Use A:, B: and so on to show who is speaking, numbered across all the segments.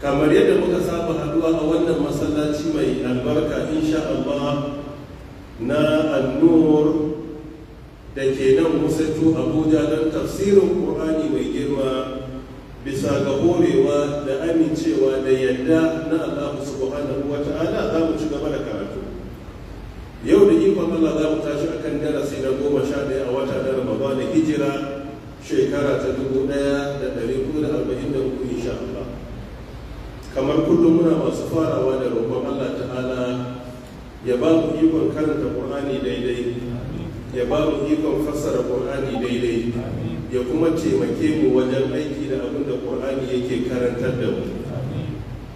A: kamar yadda muka saba haduwa a wannan masallaci mai albarka insha Allah na annur da ke nan musaitu abuja don tafsirin ƙur'ani mai girma bisa ga horewa da amincewa da yadda na Allah subhanahu wa ta'ala za mu ci gaba da karatu yau da ikon Allah za mu tashi a kan darasi na goma sha ɗaya a wata na ba da hijira shekara ta dubu ɗaya da ɗari kuma da arba'in da hudu insha Allah kamar kullum muna masu farawa da roƙon Allah ta'ala ya ba mu ikon karanta Kur'ani daidai ya ba mu ikon fassara Qur'ani daidai ya kuma taimake mu wajen aiki da abin da yake karantar da mu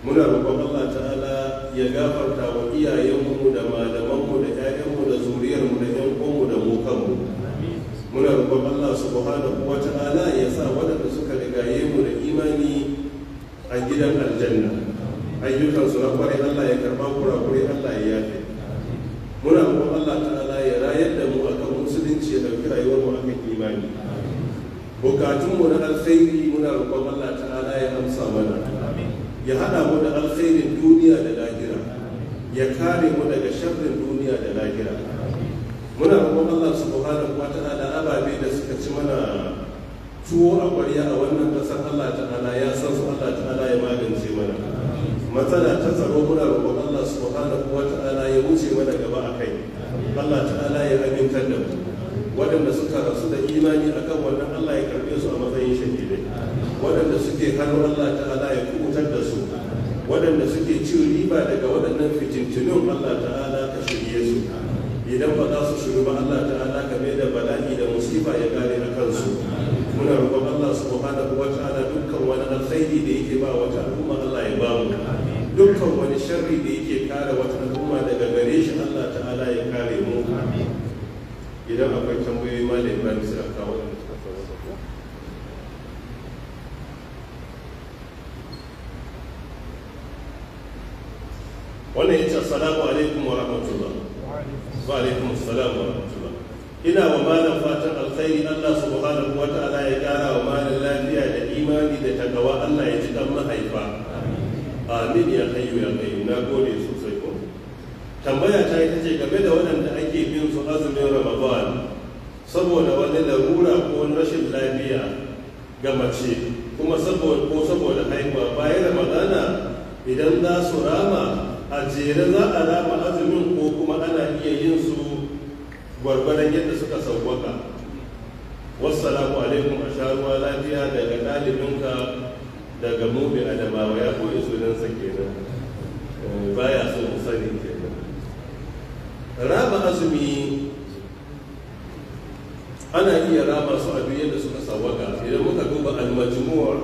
A: muna roƙon Allah ta'ala ya gafarta wa iyayenmu da malamanmu da 'ya'yanmu da zuriyarmu da 'yan uwanmu da mu kanmu muna roƙon Allah subhanahu wa ta'ala ya sa waɗanda su a gidan aljanna ayyukansu na kwarai allah ya karba kurakurai allah ya yafe muna roƙon allah ta'ala ya rayar da mu a kan musulunci ya ɗauki rayuwar mu akan imani bukatunmu na alkhairi muna roƙon allah ta'ala ya amsa mana ya haɗa mu da alkhairin duniya da lahira ya kare mu daga sharrin duniya da lahira tuwo a ƙwarya a wannan ƙasar Allah ta'ala ya san su Allah ta'ala ya magance mana matsala ta tsaro muna roƙo Allah subhanahu wa ta'ala ya wuce mana gaba a kai Allah ta'ala ya amintar da mu waɗanda suka rasu da imani akan wannan Allah ya karɓe su a matsayin shahidai waɗanda suke hannu Allah ta'ala ya kubutar da su waɗanda suke cin riba daga waɗannan fitintunin Allah ta'ala ka shirye su idan ba za su shiru ba Allah idan akwai tambayoyi malam ibrahim sai a kawo wannan ya ce assalamu alaikum wa rahmatullah wa alaikum assalamu wa rahmatullah ina wa malam fatan alkhairi Allah subhanahu wa ta'ala ya kara wa malam lafiya da imani da tagawa Allah ya ji dan mahaifa amin ya hayyu ya qayyum na gode sosai ko tambaya ta ita ce game da waɗanda ake bin su azumin ramadan saboda wani larura ko rashin lafiya ga mace kuma saboda ko saboda haihuwa bayan ramadana idan za su rama a jere za a rama azumin ko kuma ana iya yin su gwargwaron yadda suka sauwaka wassalamu alaikum a sharuwa lafiya daga ɗalibinka daga mubi adamawa ya koyi sunansa kenan eh, baya so sani kenan raba azumi ana iya raba su a duk da suka sawaka idan muka duba al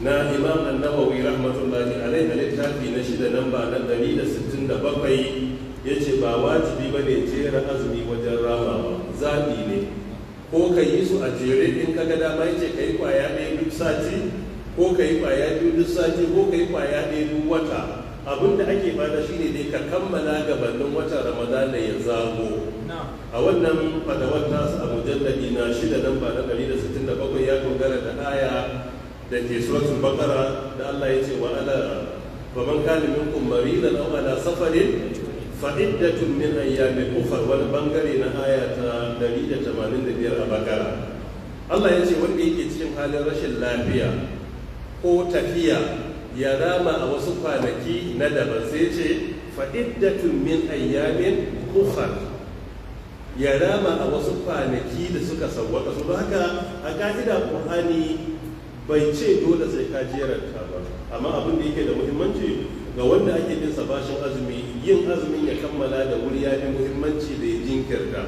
A: na imam an-nawawi rahmatullahi alaihi a littafi na shida ba na dari da da sittin bakwai ya ce ba wajibi ba ne jera azumi wajen rama ba, zabi ne ko ka yi su a jere in ka ga dama ce ka yi kwaya ɗaya duk sati ko ka yi kwaya biyu duk sati ko ka yi kwaya ɗaya duk wata abin da ake bada shine dai ka kammala gabanin watan ramadana ya zago a wannan fadawar tasu a mujallabi na shida nan ba na 167 ya dogara da aya da ke suratul bakara da Allah ya ce wa ala faman kana minkum maridan aw ala safarin fa iddatun min ayyamin ukhra wani bangare na aya ta 185 a bakara Allah ya ce wanda yake cikin halin rashin lafiya ko tafiya ya rama a wasu kwanaki na daban sai ce fa'iddatun min ayyamin kufar ya rama a wasu kwanaki da suka sauwaka su haka a ka'ida qur'ani bai ce dole sai ka jeranta ba amma abin da yake da muhimmanci ga wanda ake bin sabashin azumi yin azumin ya kammala da wuri ya fi muhimmanci da ya jinkirta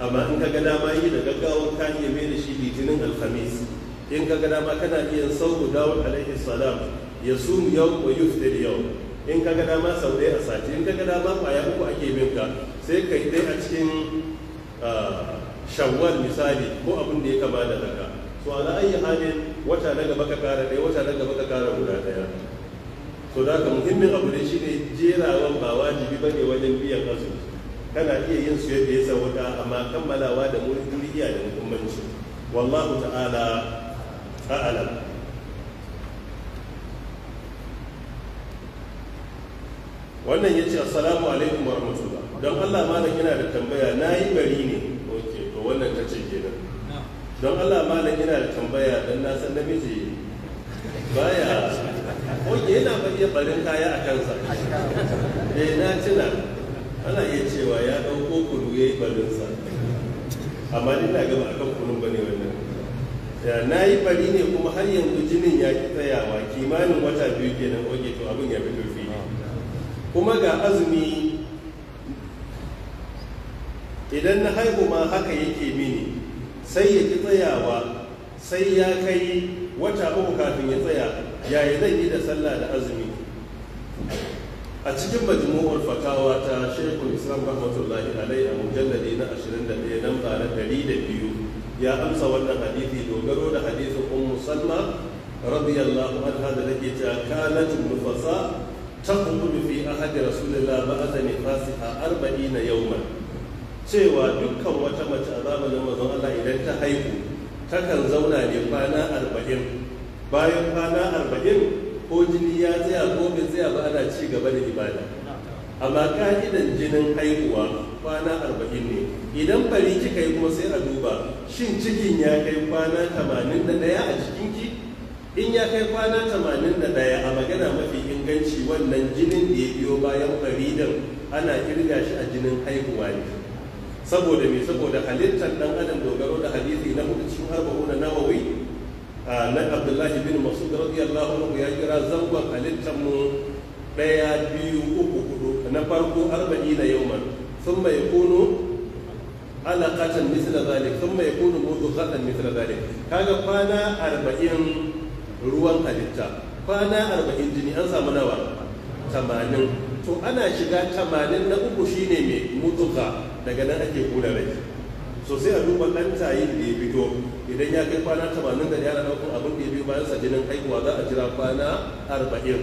A: amma in ka ga dama yi da gaggawa ka iya mai da shi litinin alhamis in ka ga dama kana iya sauku dawon alaihi salam ya sum yau wa yuftir yau in ka ga dama sau ɗaya a sati in ka ga dama kwaya uku ake bin ka sai ka yi dai a cikin ah, shawwal misali ko abin da ya kama da haka so ala ayi halin wata na gaba ka kara ɗaya wata na gaba ka kara guda ɗaya so da ka muhimmin abu ne jera jerawan ba wajibi ba ne wajen biyan azumi kana iya yin su yadda ya sauka amma kammalawa da muri iya da muhimmanci wallahu ta'ala a'lam wannan ya ce assalamu alaikum wa rahmatullah don allah malam yana da tambaya na yi bari ne ok to wannan ta ce kenan don allah malam yana da tambaya don na san namiji baya ok yana iya barin kaya a kansa eh na tuna ana iya cewa ya ɗauko kuru ya yi barinsa amma ni na gaba akan kunun ba ne wannan na yi bari ne kuma har yanzu jinin ya ki tsayawa kimanin wata biyu kenan oge to abin ya fi turfi kuma ga azumi idan na haihu ma haka yake mini sai ya ki tsayawa sai ya kai wata uku kafin ya tsaya yaya zan yi da sallah da azumi a cikin majmu'ul fatawa ta shekul islam rahmatullahi alai a mujalladi na 21 nan ba da biyu ya amsa wannan hadisi dogaro da hadisin ummu salma radiyallahu anha da nake ta kanat nufasa taqudu fi ahadi rasulillah ba'da nifasiha 40 yawman cewa dukkan wata mace a zamanin mazan Allah idan ta haihu takan zauna ne kwana arba'in. bayan kwana arba'in, ko jini ya tsaya ko bai tsaya ba ana ci gaba da ibada amma ka'idan jinin haihuwa kwana arba'in ne idan bari kika yi kuma sai a duba shin cikin ya kai kwana 81 a cikin ki in ya kai kwana tamanin da a magana mafi inganci wannan jinin da ya biyo bayan faridan ana kirga shi a jinin haihuwa ne saboda me saboda halittar dan adam dogaro da hadisi na hudu cikin arba'una nawawi na abdullahi bin masud radiyallahu anhu ya kira zangon halittar mu ɗaya biyu uku hudu na farko arba'ina yawman thumma yakunu alaqatan mithla dhalik thumma yakunu mudghatan mithla zalik kaga kwana arba'in ruwan halitta kwana arba'in jini an samu nawa tamanin to ana shiga tamanin na uku shine mai mutuka daga nan ake kula rai so sai a duba ɗan tayin da ya fito idan ya kai kwana tamanin da yara ɗaukun abin da ya biyo bayan sa jinin haihuwa za a jira kwana arba'in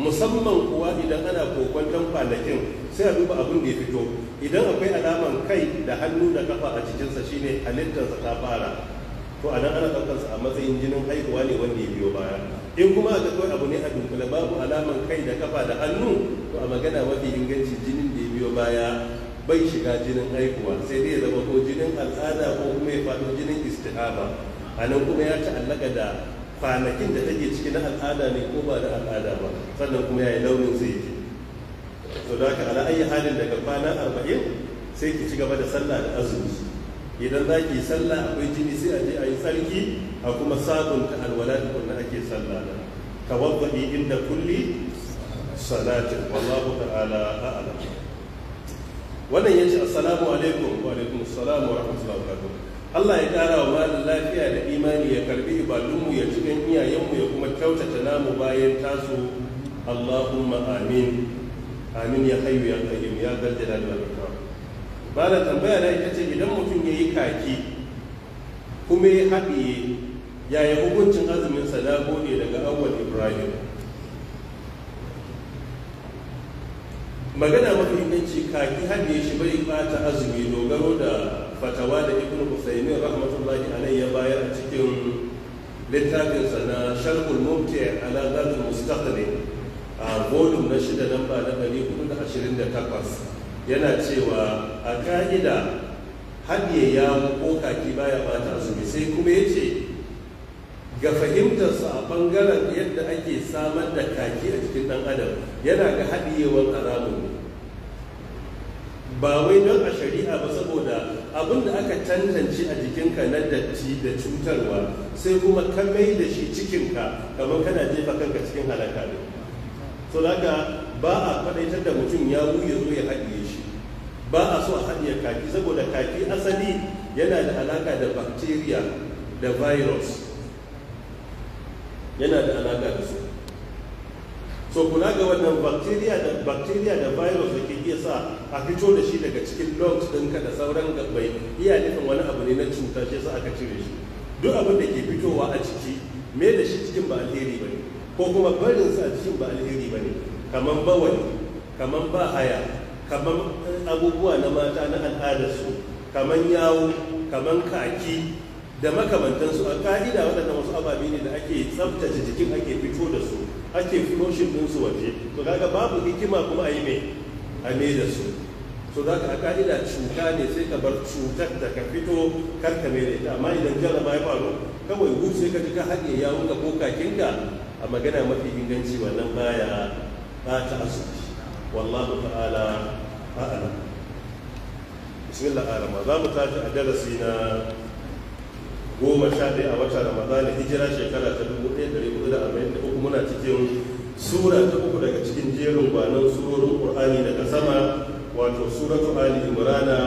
A: musamman kuwa idan ana kokwanton kwanakin sai a duba abin da ya fito idan akwai alaman kai da hannu da kafa a cikinsa shine halittarsa ta fara to anan ana ɗaukar sa a matsayin jinin haihuwa ne wanda ya biyo baya in kuma a kai abu ne a dunkule babu alaman kai da kafa da hannu to a magana mafi inganci jinin da ya biyo baya bai shiga jinin haihuwa sai dai ya zama ko jinin al'ada ko kuma ya faɗo jinin istihaba a nan kuma ya ta'allaka da kwanakin da take ciki na al'ada ne ko ba da al'ada ba sannan kuma ya yi launin zai yi to da haka ala halin daga kwana arba'in sai ki ci gaba da sallah da azumi idan za ki sallah akwai jini sai a je a yi tsarki a kuma sabunta alwala tukunna ake sallah da wabbaɗi inda kulli salatin wallahu ta'ala a'lam wannan yace assalamu alaikum wa alaikum assalam wa rahmatullahi wa barakatuh Allah ya ƙara wa malin lafiya da imani ya karbi ibadunmu ya cikin iyayenmu ya kuma kyautata namu bayan tasu Allahumma amin amin ya hayyu ya qayyum ya dal jalali ba da tambaya na ita ce idan mutum ya yi kaki kuma ya haɗiye yi hukuncin azumin sadako ne daga awwal ibrahim magana mafi kaki haɗiye shi bai bata azumi dogaro da fatawa da ibn husaymin rahmatullahi alaihi ya bayar a cikin littafinsa na sharhul mubti ala a volume na shida lamba na 428 yana cewa a ka'ida haɗe ya ko kaki baya bata azumi sai kuma ya ce ga fahimtarsa a ɓangaren yadda ake samar da kaki a cikin ɗan adam yana ga haɗiyewar haramun ba wai don a shari'a ba saboda abin da aka tantance a jikinka na datti da cutarwa sai kuma ka mai da shi cikinka kamar kana jefa kanka cikin halaka ne so ba a faɗaitar da mutum ya wuya zo ya haɗiye shi ba a so a hanyar kaki saboda kaki asali yana da alaka da bacteria da virus yana da alaka da su so kula ga wannan bacteria da bacteria da virus da ke iya sa a fito da shi daga cikin lungs ɗinka da sauran gabbai iya nufin wani abu ne na cuta shi sa aka cire shi duk abin da ke fitowa a ciki me da shi cikin ba alheri ba ne ko kuma barinsa a cikin ba alheri ba ne kamar bawani kamar ba haya kamar eh, abubuwa na mata na al'adarsu kamar yawo kamar kaki da makamantansu a ka'ida waɗanda wasu ababe ne da ake tsabtace jikin ake fito da su ake floshin ɗinsu waje to kaga babu hikima kuma a yi mai a me da su to za ka a ka'ida cuta ne sai ka bar cutar da ka fito kar ka mai da amma idan jarraba ya faru kawai gu sai ka ji ka haɗe yawon ka ko kakinka a magana mafi inganci wannan baya ba ta wallahu ta'ala ba a bismillah arama za mu tafi a darasi na goma sha ɗaya a wata ramadana hijira shekara ta dubu ɗaya ɗari hudu da arba'in da uku muna cikin sura ta uku daga cikin jerin gwanon surorin ƙur'ani daga sama wato suratu ali imrana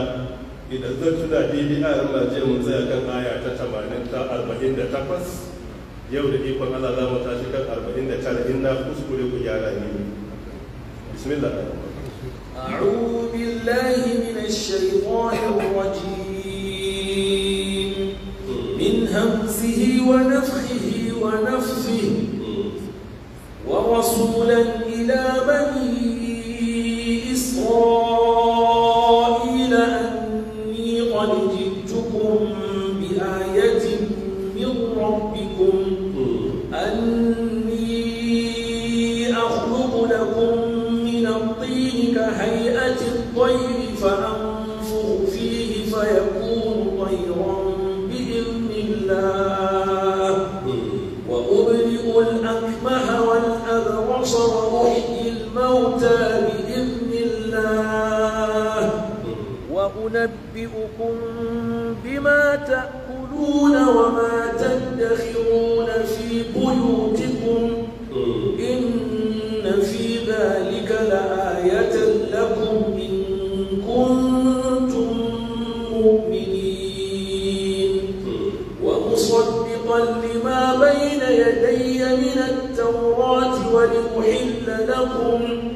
A: idan zan tuna daidai a ran najeriya mun tsaya kan aya ta tamanin ta arba'in da takwas yau da ikon allah za mu tashi kan arba'in da tara in na kuskure ku gyara ne bismillah
B: أعوذ بالله من الشيطان الرجيم من ونفخه ورسولا إلى بني ربكم بما تأكلون وما تدخرون في بيوتكم إن في ذلك لآية لكم إن كنتم مؤمنين ومصدقا لما بين يدي من التوراة ولأحل لكم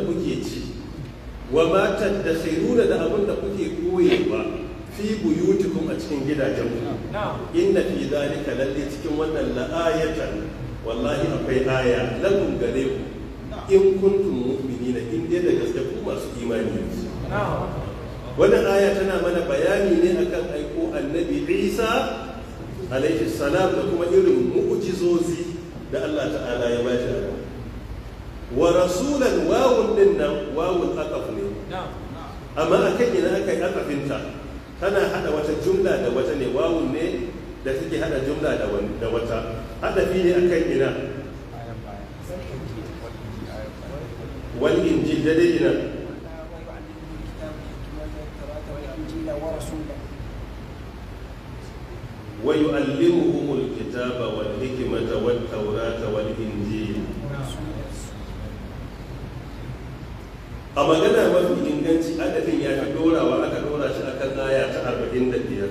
A: da kuke ci wa ma ta da abin da kuke koyewa fi buyutikum a cikin gidajenku inna fi zalika lalle cikin wannan la'ayatan wallahi akwai aya lakum gare ku in kuntum mu'minina in dai da gaske ku masu imani wannan aya tana mana bayani ne akan aiko annabi Isa alaihi salam da kuma irin mu'jizozi da Allah ta'ala ya bashi wa rasulan wawun din nan wawun aqaf ne amma kan ina aka yi aqafinta tana hada wata jumla da wata ne wawun ne da take hada jumla da wata. wata hadafi ne akan ina
B: wal injil da dai ina
A: ويعلمهم الكتاب والحكمة wal والإنجيل a magana mafi inganci adadin ya fi dorawa aka dora shi a kan aya ta arba'in da biyar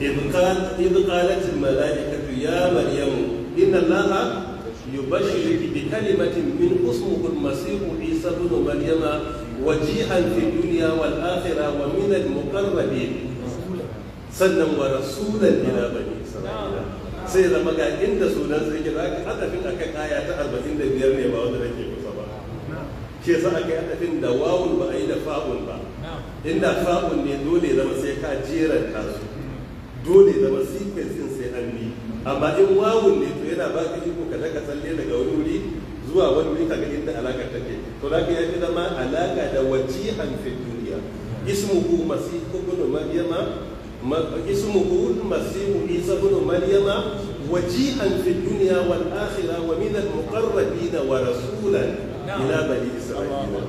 A: Idu qalat al-mala'ikatu ya maryamu inna allaha yubashshiruki bi kalimatin min ismihi al-masih isa ibn maryama wajihan fi dunya wal akhirah wa min al-muqarrabin sannan wa rasulan ila bani sai zama ga inda sunan sai kira ka hadafin akan aya ta 45 ne ba wanda nake ba shi yasa aka yi hadafin da wawun ba a yi da fa'un ba inda fa'un ne dole zama sai ka jeranta su dole zama sequence din sai an bi amma in wawun ne to yana ba baka iko ka daga tsalle daga wani wuri zuwa wani wuri kaga inda alaka take to da ka yi zama alaka da wajihan fi duniya ismuhu masihu ibn maryama اسمه المسيح عيسى بن مريم وجيها في الدنيا والآخرة ومن المقربين ورسولا ila bani isra'ila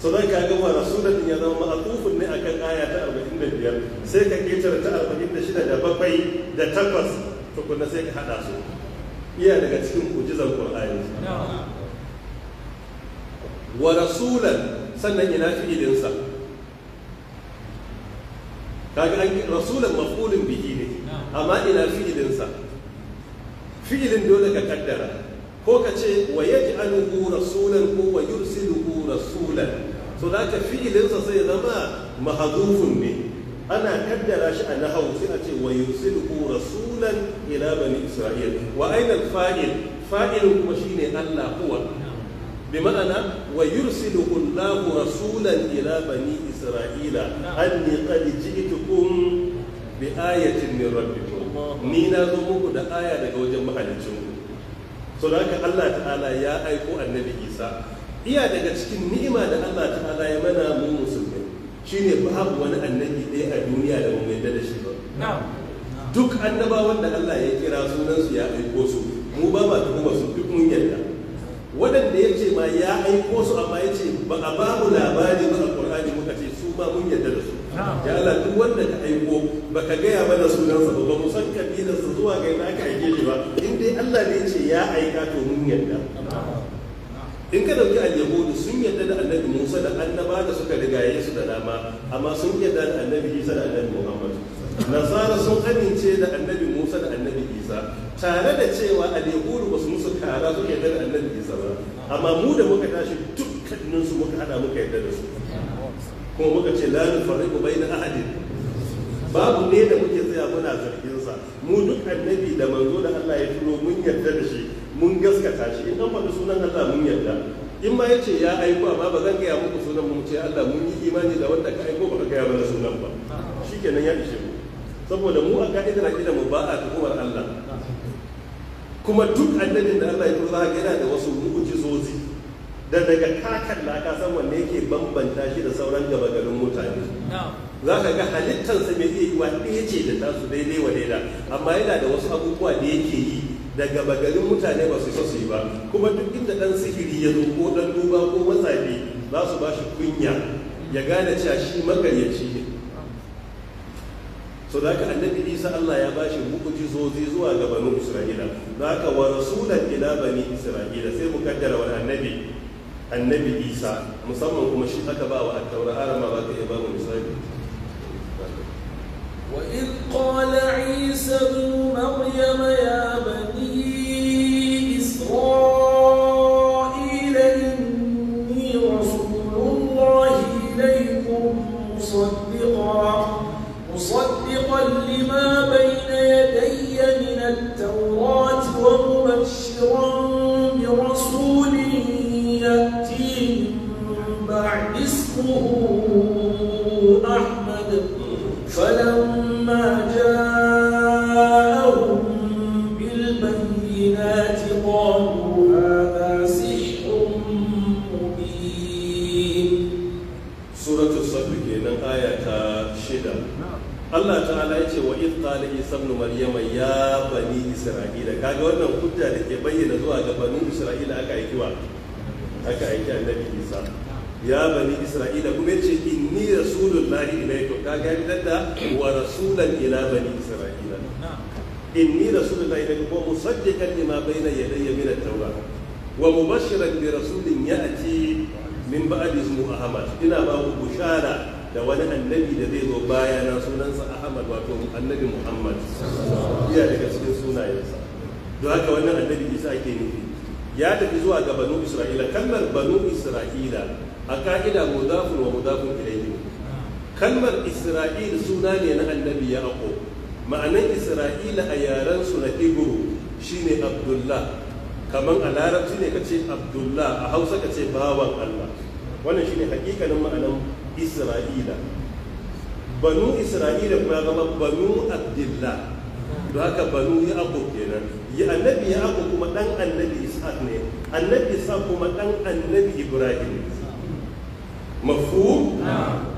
A: so dan ka ga sura din ya zama ma'atufun ne akan aya ta 45 sai ka ketare ta 46 da bakwai da takwas tukunna sai ka hada su iya daga cikin kujizan qur'ani wa rasulan sannan ina sa kaga an rasulan maf'ulun bihi ne amma ina fi fi'ilin dole ka kaddara ko ka ce wa yaj'aluhu rasulan ko wa yursiluhu rasulan so da ka fi'ilinsa sai zama mahazufin ne ana kaddara shi a nahau sai a ce wa yursiluhu rasulan ila bani isra'il wa aina fa'il fa'ilun kuma shine Allah huwa bi ma'ana wa yursiluhu Allahu rasulan ila bani isra'ila anni qad ji'tukum bi ayatin min ni na zo muku da aya daga wajen mahaliccinku so da haka Allah ta'ala ya aiko annabi Isa iya daga cikin ni'ima da Allah ta'ala ya mana mu musulmi shine babu wani annabi ɗaya a duniya da mu yadda da shi ba duk annabawan da Allah ya kira sunan su ya aiko su mu ba ma kuma su duk mun yarda waɗanda ya ce ma ya aiko su amma ya ce ba a babu labari ba a Qur'ani muka ce su ba mun yarda da su ya Allah duk wanda ka aiko baka gaya mana sunan sa ba mu san kabilarsa zuwa ga ina ka aike shi ba Allah ne ce ya aika to mun yarda in ka dauki al-yahudu sun yarda da annabi Musa da annaba da suka rigaye su da dama amma sun yarda da annabi Isa da annabi Muhammad nasara sun amince da annabi Musa da annabi Isa tare da cewa al-yahudu ba su musu kara su yarda da annabi Isa ba amma mu da muka tashi dukkaninsu muka hada muka yarda da su kuma muka ce la bai bayna ahadin babu ne da muke tsaya muna zarginsa mu duk annabi da manzo da Allah ya turo mun yarda da shi mun gaskata shi in an faɗi sunan Allah mun yarda in ma yace ya aiko amma ba zan gaya muku sunan mu ce Allah mun yi imani da wanda ka aiko ba ka gaya mana sunan ba shikenan ya ishe mu saboda mu a ka'idar akida mu ba a tuhumar Allah kuma duk annabin da Allah ya turo zaka yana da wasu mu'jizozi da daga kakan da ka san wanne yake bambanta shi da sauran gaba garin mutane za ka ga halittarsa mai iya ɗaya ce da tasu daidai wa daida amma yana da wasu abubuwa da yake yi daga bagarin mutane ba su so su yi ba kuma duk inda ɗan sihiri ya zo ko ɗan duba ko matsafi za su ba shi kunya ya gane cewa shi magaryaci ne so da annabi isa allah ya bashi mu'ujizozi zuwa gabanin isra'ila da wa rasulan ila bani isra'ila sai mu kaddara wa annabi annabi isa musamman kuma shi aka ba wa attaura arama ba ka yi ba misali
B: وإذ قال عيسى مريم يا
A: بني
B: إسرائيل إني رسول الله إليكم مصدقا مصدقا لما بين يدي من التوراة ومبشرا برسول من بعد اسمه أحمد
A: ala isa ibn maryama ya bani isra'ila kaga wannan hujja da ke bayyana zuwa ga bani isra'ila aka aiki wa aka aiki annabi isa ya bani isra'ila kuma yace inni rasulullahi ilaykum kaga ya fitar da wa rasulan ila bani isra'ila inni rasulullahi ilaykum wa musaddiqan lima bayna yadayya min at-taura wa mubashiran bi rasulin ya'ti min ba'di ismu ahmad ina ba ku bushara da wani annabi da zai zo baya na sunansa Ahmad wato annabi Muhammad iya daga cikin sunayensa don haka wannan annabi Isa ake nufi ya tafi zuwa ga banu Isra'ila kalmar banu Isra'ila a ka'ida mudafun wa mudafun ilayhi kalmar Isra'ila suna ne na annabi Yaqub ma'anan Isra'ila a yaren su na Ibro shine Abdullah Kamar a larabci ne ka ce Abdullah a Hausa ka ce bawan Allah wannan shine hakikanin ma'anan isra'ila banu isra'ila kuma zama banu abdullah don haka banu yaqub kenan ya annabi yaqub kuma dan annabi ishaq ne annabi ishaq kuma dan annabi ibrahim mafhum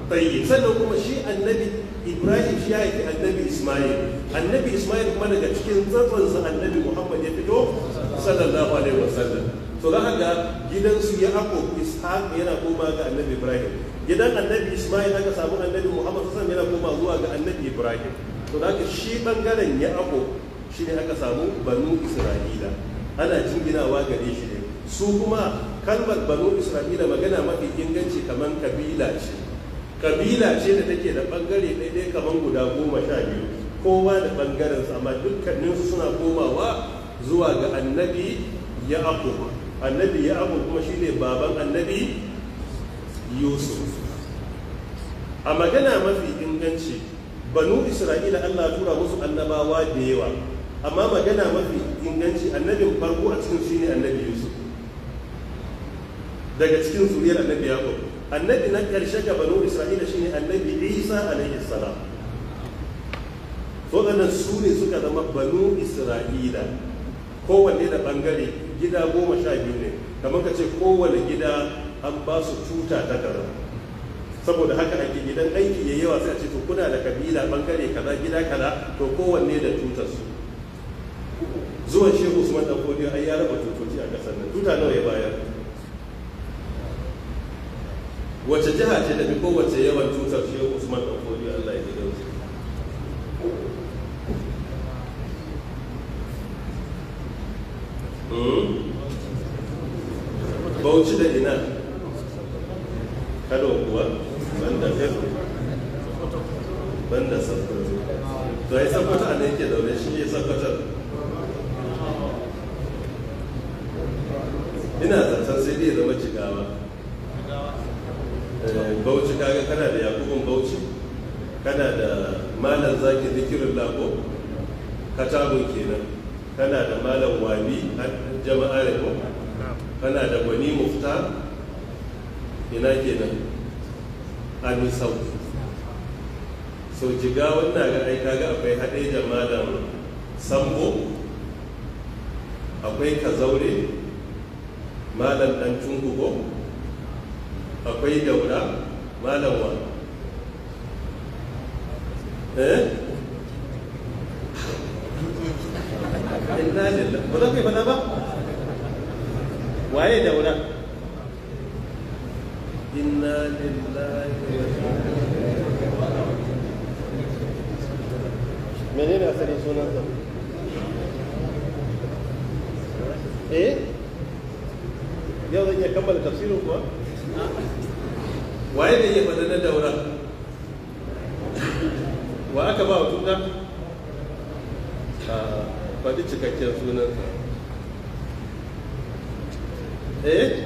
A: tayyib sannan kuma shi annabi ibrahim shi ya haifi annabi ismail annabi ismail kuma daga cikin tsatsansa annabi muhammad ya fito sallallahu alaihi wasallam to za ga gidansu ya ako ishaq yana koma ga annabi ibrahim gidan annabi ismail aka samu annabi muhammad sassan yana koma zuwa ga annabi ibrahim to da shi bangaren ya abu shi ne aka samu banu isra'ila ana jinginawa gare shi ne su kuma kalmar banu isra'ila magana mafi inganci kamar kabila ce kabila ce da take da bangare daidai kamar guda goma sha biyu kowa da bangaren amma dukkaninsu suna komawa zuwa ga annabi ya abu annabi ya abu kuma ne baban annabi yusuf a magana mafi inganci banu isra'ila allah tura musu annabawa da yawa amma magana mafi inganci annabin farko a cikin shine annabi yusuf daga cikin zuriyar annabi yaqub annabi na karshe ga banu isra'ila shine annabi isa alaihi salam to nan su ne suka zama banu isra'ila kowanne da bangare gida goma sha biyu ne kamar ka ce kowane gida an ba su tuta ta kaza saboda haka ake gidan aiki ya yawa sai a ce to kuna da kabila bangare kaza gida kaza to kowanne da tutar su zuwan shehu usman dan kodiyo ai ya raba tutoci a kasar nan tuta nawa ya bayar
B: wace jiha ce da bi kowace yawan
A: tutar shehu usman dan kodiyo Allah ya gidan su hmm? bauchi da inna lillahi ba za ka yi fada ba waye daura inna lillahi menene asalin sunansa eh yau zan iya kammala tafsirin kuwa waye da iya fada na daura wa aka ba wa tuta cikakken sunansa eh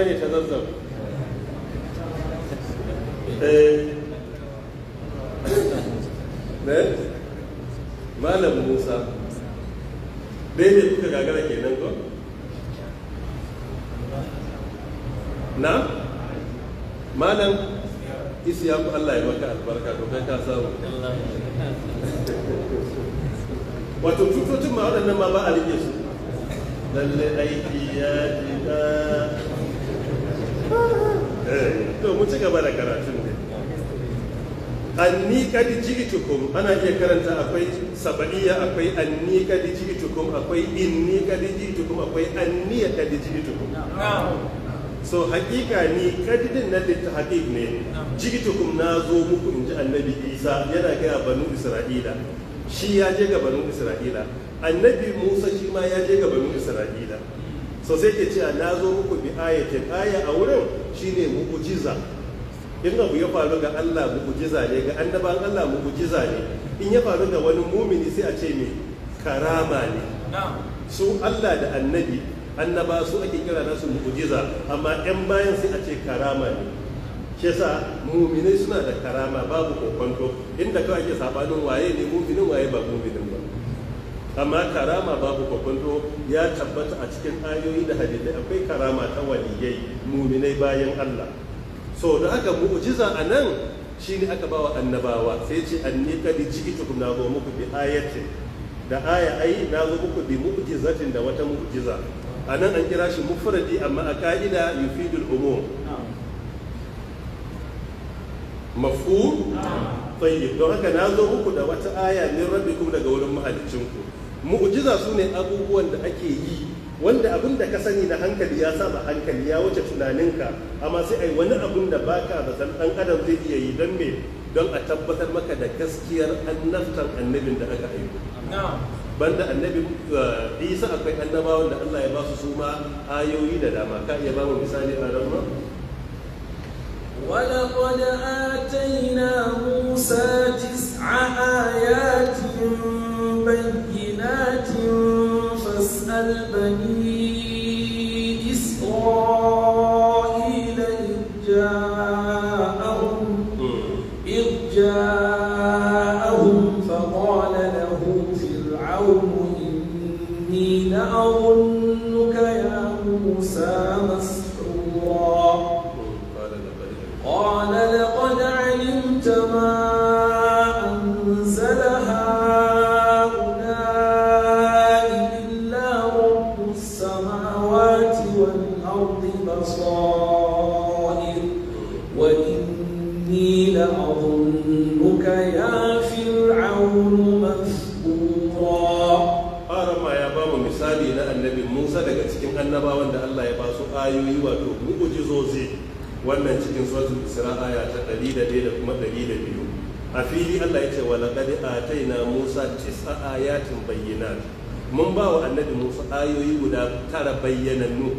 A: Eh, ne ta zazzau malam musa dai ne kuka gagara kenan ko na malam isi ya Allah ya maka albarka to kai ka samu wato tutocin ma waɗannan ma ba a rike su lalle aiki ya ji Eh, to mu ci gaba da karatun ne anni kad ji'tukum ana iya karanta akwai sabaiya akwai anni kad ji'tukum akwai inni kad ji'tukum akwai anniya anni kad ji'tukum so hakika ni kadidin na littahqiq ne jigitukum na zo muku inji annabi isa yana gaya banu isra'ila shi ya je ga banu isra'ila annabi musa shi ma ya je ga banu isra'ila so sai ke cewa na zo muku bi ayatin aya a wurin shine mu'jiza in abu ya faru ga Allah mu'jiza ne ga annaban Allah mu'jiza ne in ya faru ga wani mumini sai a ce me karama ne su Allah da annabi annaba su ake kira nasu mu'jiza amma yan bayan sai a ce karama ne Ke sa muminai suna da karama babu kokonto inda kawai ke sabanin waye ne muminin waye ba muminin amma karama babu kwakwanto ya tabbata a cikin ayoyi da hadisai akwai karama ta waliyai muminai bayan Allah so da haka mu'jiza a nan shi ne aka bawa annabawa sai ce anni kad ji'tukum na zo muku bi ayatin da aya ai na zo muku bi mu'jizatin da wata mu'jiza a nan an kira shi mufradi amma a ka'ida yufidul umum mafu tayyib don haka na zo muku da wata aya min rabbikum daga wurin mahaliccinku mu'jiza su ne abubuwan da ake yi wanda abin da ka sani da hankali ya saba hankali ya wuce tunaninka amma sai ai wani abin da baka da san dan adam zai iya yi don me don a tabbatar maka da gaskiyar annabtan annabin da aka aiko banda annabi eh, isa akwai annabawan da Allah ya ba su suma ayoyi da dama ka iya ba mu misali a ramma
B: ولقد آتينا موسى تسع آيات بينات بينات فاسأل بني
A: annabawan da Allah ya ba su ayoyi wato mu'ujizozi wannan cikin suratul isra aya ta 101 da kuma da biyu. a fili Allah ya ce wa laqad ataina Musa tis'a ayatin bayyinat mun ba wa annabi Musa ayoyi guda tara bayyanannu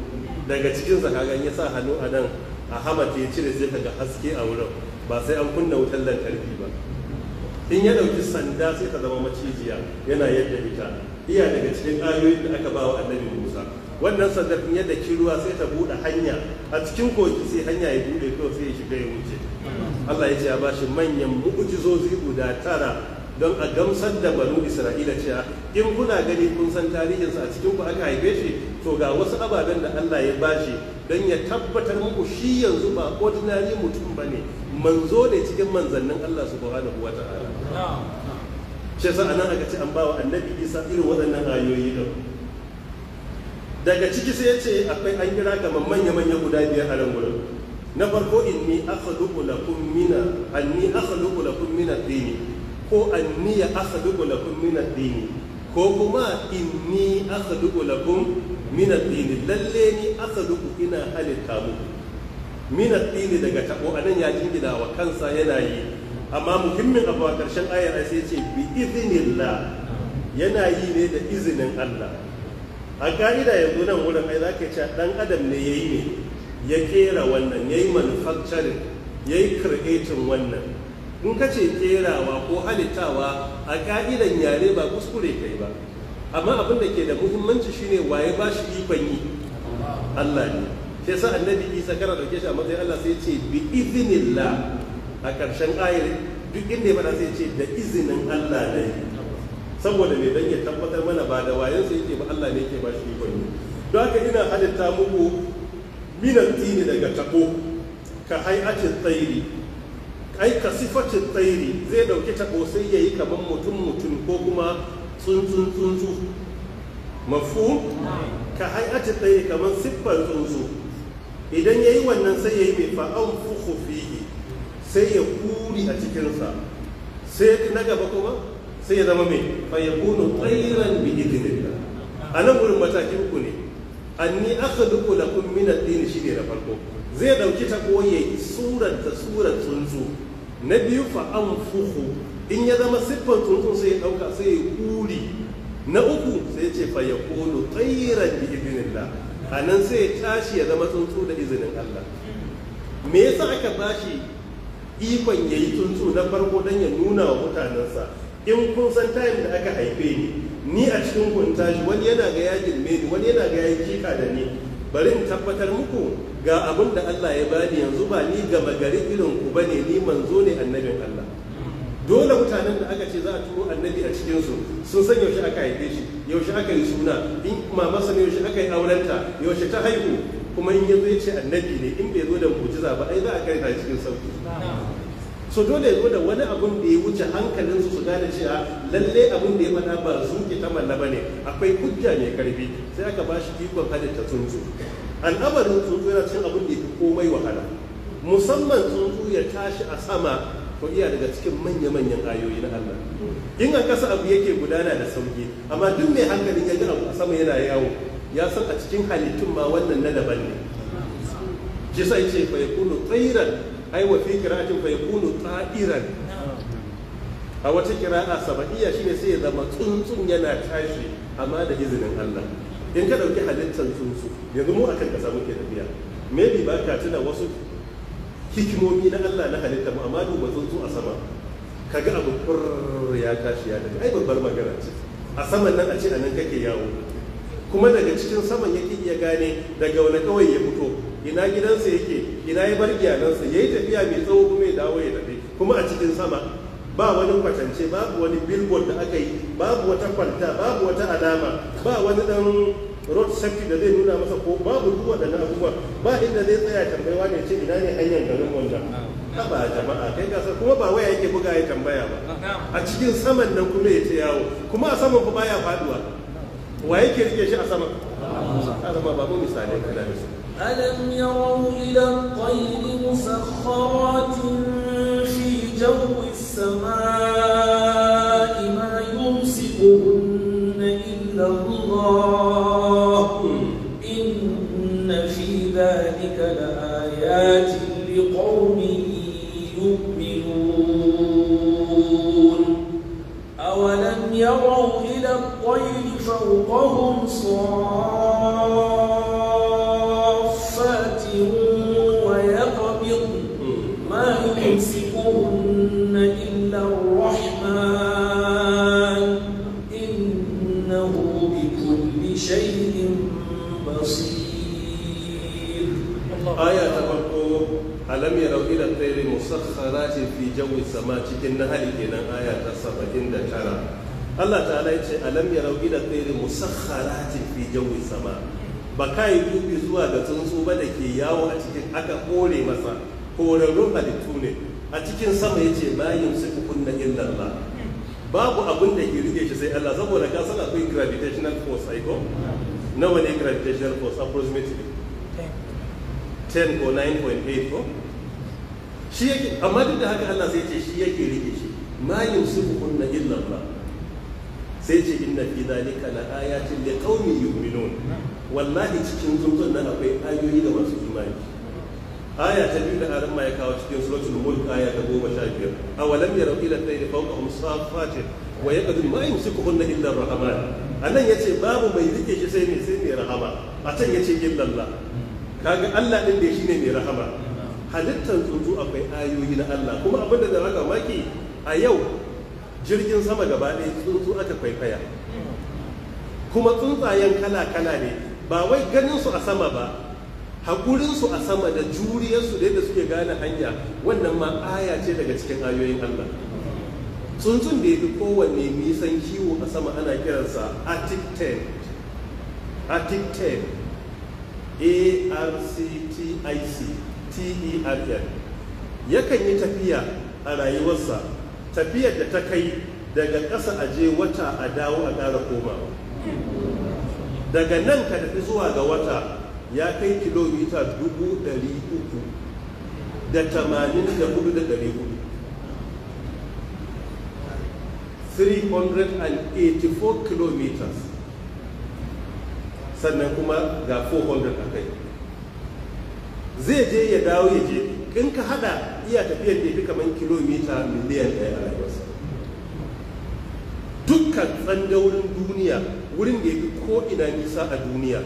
A: daga cikin zakagan ya sa hannu a nan a hamata ya cire sai kaga haske a wurin ba sai an kunna wutar lantarki ba in ya dauki sanda sai ta zama macijiya yana yadda ita iya daga cikin ayoyin da aka ba wa annabi Musa wannan sandar yadda ki ruwa sai ta buɗe hanya a cikin kogi sai hanya ya bude ko sai ya shiga ya wuce Allah ya ce ya bashi manyan mu'ujizozi guda tara don a gamsar da banu Isra'ila cewa in kuna gani kun san tarihinsa a cikin ku aka haife shi to ga wasu ababen da Allah ya bashi don ya tabbatar muku shi yanzu ba ordinary mutum bane manzo ne cikin manzannin Allah subhanahu wata'ala shi yasa anan aka ci an bawa annabi Isa irin waɗannan ayoyi da daga ciki sai ya ce akwai an kira ga manya-manya guda biyar a nan wurin na farko inni akhluqu lakum An anni aka lakum min ad dini. ko anni aka lakum min ad dini. ko kuma inni aka lakum min ad dini. lalle ni akhluqu ina halitta muku mina dini daga tabo anan ya jingina wa kansa yana yi amma muhimmin abu a karshen ayar sai ce bi idhnillah yana yi ne da izinin Allah a ka'ida yanzu nan wurin ai zaka ce ɗan adam ne yayi ne ya kera wannan yayi manufacturing yayi creating wannan in ka ce kerawa ko halittawa a ka'idan yare ba kuskure kai ba amma abin da ke da muhimmanci shine waye ba shi ikon yi Allah ne sai sa annabi Isa kana dauke shi a matsayin Allah sai ce bi a karshen ayar duk inda ya da sai ce da izinin Allah ne saboda me dan ya tabbatar mana ba da sai yake ba Allah ne yake ba shi ikon ne don haka ina halitta muku minan tini daga tako ka hay'atin tsairi ai ka sifatin tsairi zai dauki tabo sai yayi kaman mutum mutum ko kuma tsuntsun tsuntsu mafu ka hay'atin tsairi kamar siffar tsuntsu idan yayi wannan sai yayi mai fa'an fuhu fihi sai ya kuri a cikinsa sai na gaba kuma sai ya zama mai fayyakunu tsayiran tayran bi a nan wurin mataki uku ne anni da kun min dini shi ne na farko zai dauki ta koye surar ta surar tsuntsu na biyu fa fuhu in ya zama siffar tsuntsu sai ya dauka sai ya kuri na uku sai ce fa yakunu tayran da a nan sai ya tashi ya zama tsuntsu da izinin Allah me yasa aka bashi ikon yayi tsuntsu na farko dan ya nuna wa mutanensa in kun san tayin da aka haife ni ni a cikin kun tashi wani yana ga ya girme ni wani yana ga ya jika da ni bari in tabbatar muku ga abin da Allah ya bani yanzu ba ni gama gari irin ku bane ni manzo ne annabin Allah dole mutanen da aka ce za a turo annabi a cikinsu sun san yaushe aka haife shi yaushe aka yi suna in mamarsa ne yaushe aka yi aurenta yaushe ta haihu kuma in ya ya ce annabi ne in bai zo da mujiza ba ai za a kai ta cikin sauki so dole ya zo da wani abun da ya wuce hankalin su su gane cewa lalle abun da ya faɗa ba ke ta manna ne. akwai kujja mai karfi sai aka ba shi ikon halitta tsuntsu al'amarin tsuntsu yana cin abun da ya fi komai wahala musamman tsuntsu ya tashi a sama ko iya daga cikin manya-manyan ayoyi na Allah in a kasa abu yake gudana da sauki amma duk mai hankalin ya abu a sama yana yawo ya san a cikin halittun ma wannan na daban ne kisa ce bai yakunu tsairan ai wa fi qira'atin fa yakunu ta'iran a wata qira'a sabaiya shine sai ya zama tsuntsun yana tashi amma da izinin Allah in ka dauki halittar tsuntsu yanzu mu akan kasa muke tafiya maybe ba ka tuna wasu hikimomi na Allah na halitta mu amma duba tsuntsu a sama kaga abu kurr ya tashi ya tafi ai babbar magana ce a saman nan a ce anan kake yawo kuma daga cikin saman yake iya gane daga wani kawai ya fito ina gidansa yake ina ya bar gyalansa ya yi tafiya mai tsawo kuma ya dawo ya tafi kuma a cikin sama ba wani kwatance babu wani billboard da aka yi babu wata kwanta, babu wata alama ba wani dan road safety da zai nuna masa ko babu duk waɗannan abubuwa ba inda zai tsaya tambayawa ne ce ina ne hanyar garin wanda ba jama'a kai gasar kuma ba waya yake buga ya tambaya ba a cikin saman nan kuma yace yawo kuma a saman ku baya faduwa wa yake rike shi a saman a zama babu misali. kada da su
B: ألم يروا إلى الطير مسخرات في جو السماء ما يمسكهن إلا الله إن في ذلك لآيات لقوم يؤمنون أولم يروا إلى الطير فوقهم صار
A: fi jawi sama cikin na nahari kenan aya ta saba'in da tara Allah ta ala ce alam ya yarau ila tsairi musakharatin fi jawi sama ba ka yi dubi zuwa ga tsuntsu ba da ke yawo a cikin aka kore masa horarrun halittu ne a cikin sama ya ce ma yumsiku kunna illallah babu abin da ke rike shi sai Allah saboda ka san akwai gravitational force ai ko nawa ne gravitational force approximately 10 ko 9.8 ko shi yake amma duk da haka Allah sai ce shi yake rike shi ma yusufu kunna illa Allah sai ce inna fi zalika la ayatin li qaumin yu'minun wallahi cikin zunzun nan akwai ayoyi da masu imani aya ta biyu da aran ma ya kawo cikin suratul mulk aya ta goma sha biyar awalam yarau ila tayri fawqahum safatin wa yaqdiru ma yumsikuhunna illa ar-rahman anan yace babu mai rike shi sai ne sai ne rahama a can yace illa Allah kaga Allah din da shine mai rahama halittar tsuntsu akwai ayoyi na Allah kuma abin da raka maki a yau jirgin sama gaba ɗaya tsuntsu aka kwaikwaya kuma tsuntsayen kala-kala ne ba wai ganinsu a sama ba haƙurinsu a sama da juriyarsu da yadda suke gane hanya wannan ma aya ce daga cikin ayoyin Allah tsuntsun da ya fi kowanne nisan kiwo a sama ana kiransa arctic tent arctic i arctic TERL yakan yi tafiya a rayuwarsa tafiyar da ta kai daga ƙasa a je wata a dawo a ƙara koma daga nan ka tafi zuwa ga wata ya kai kilomita dubu ɗari uku da tamanin da hudu da ɗari hudu 384 kilometers sannan kuma ga 400 a kai zai je ya dawo ya je in ka hada iya tafiyar da fi kamar kilomita miliyan ɗaya a rayuwarsa dukkan tsandaurin duniya wurin da ya fi ko ina nisa a duniya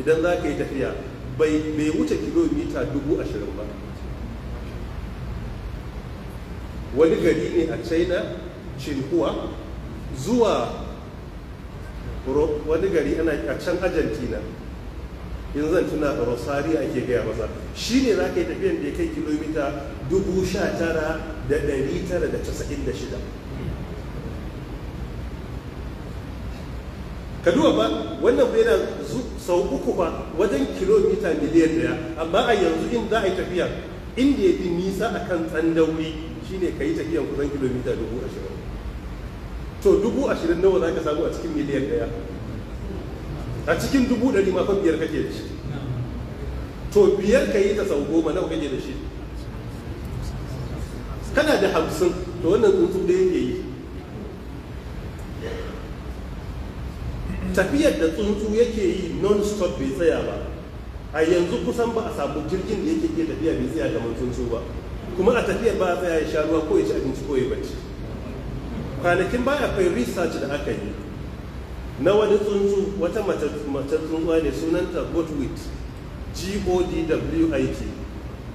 A: idan za ka yi tafiya bai wuce kilomita dubu ashirin ba wani gari ne a china chinhua zuwa wani gari a can argentina in zan tuna rosari ake gaya maza, shi ne za ka yi tafiyan da ya kai kilomita dubu da tara da ka duba ba wannan bai na sau uku ba wajen kilomita miliyan daya amma a yanzu in za a yi tafiya inda ya fi nisa a kan tsandauri ne ka yi tafiyan kusan kilomita dubu ashirin to dubu nawa za ka samu a cikin miliyan daya a cikin dubu ɗari ma biyar kake da shi to biyar ka yi ta sau goma nawa kake da shi kana da hamsin to wannan tsuntsu da yake yi tafiyar da tsuntsu yake yi non-stop bai tsaya ba a yanzu kusan ba a samu jirgin da yake iya tafiya bai tsaya kamar tsuntsu ba kuma a tafiyar ba a tsaya ya sha ruwa ko ya ci abinci ko ya bacci kwanakin baya akwai research da aka yi na wani tsuntsu wata mace tsuntsuwa ne sunanta godwit godwit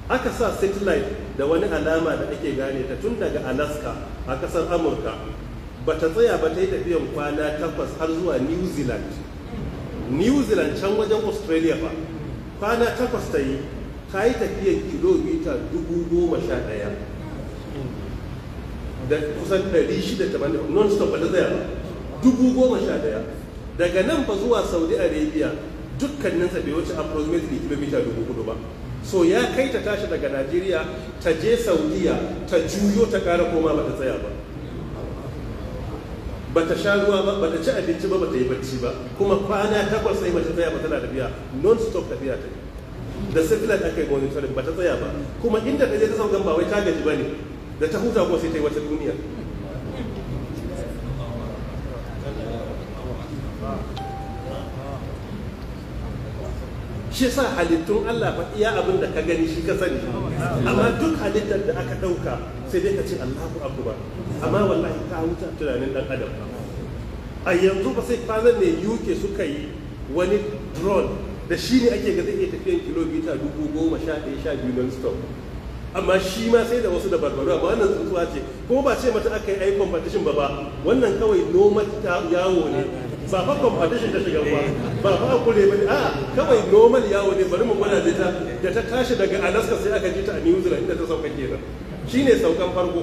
A: aka sa satellite da wani alama da ake gane ta tun daga alaska a kasar amurka ba ta tsaya ba ta yi tafiyan kwana takwas har zuwa new zealand new zealand can wajen australia ba kwana takwas ta yi ta yi tafiyan kilomita dubu goma sha da kusan 680 non-stop ba ta ba dubu goma sha daya daga nan fa zuwa saudi arabia dukkaninsa bai wuce approximately kilomita dubu hudu ba so ya kai ta tashi daga najeriya ta je saudiya ta juyo ta kara koma ba ta tsaya ba ba ta sha ruwa ba ba ta ci abinci ba ba ta yi bacci ba kuma kwana takwas sai mace tsaya ba tana tafiya non stop tafiya ta da da aka yi monitoring ba ta tsaya ba kuma inda ta je ta sauka ba wai ta gaji ba ne da ta huta ko sai ta yi wata duniya shi sa halittun Allah ba iya abin da ka gani shi ka sani amma duk halittar da aka ɗauka sai dai ka ce Allahu akbar amma wallahi ta wuce tunanin dan adam a yanzu ba sai fazan ne UK suka yi wani drone da shi ne ake ga zai tafiyan kilomita dubu goma sha ɗaya sha biyu don stop amma shi ma sai da wasu dabarbaru amma wannan tsuntsuwa ce kuma ba ce mata aka yi aikon competition ba ba wannan kawai noma yawo ne ba fa competition ta shiga ba ba fa ne ba a kawai normal yawo ne bari mu gwada ta da ta tashi daga Alaska sai aka ji ta a New Zealand inda ta sauka kenan shine saukan farko